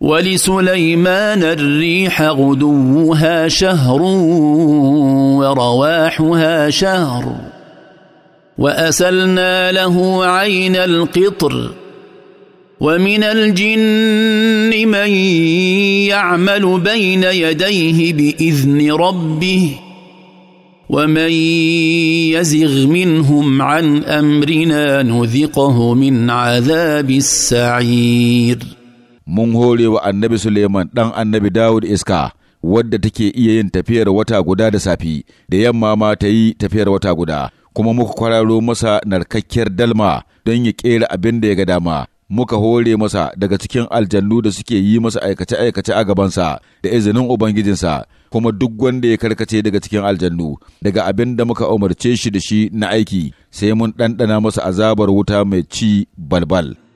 ولسليمان الريح غدوها شهر ورواحها شهر واسلنا له عين القطر ومن الجن من يعمل بين يديه باذن ربه ومن يزغ منهم عن امرنا نذقه من عذاب السعير mun hore wa annabi Suleiman ɗan annabi Dawud iska, wadda take iya yin tafiyar wata guda da safi, da yamma ma ta yi tafiyar wata guda, kuma muka kwararo masa narkakkiyar dalma don ya ƙera abin da ya ga dama. Muka hore masa daga cikin aljannu da suke yi masa aikace-aikace a gabansa da izinin Ubangijinsa, kuma duk wanda ya karkace daga cikin aljannu, daga abin da muka umarce shi da shi na aiki, sai mun ɗanɗana masa azabar wuta mai ci balbal.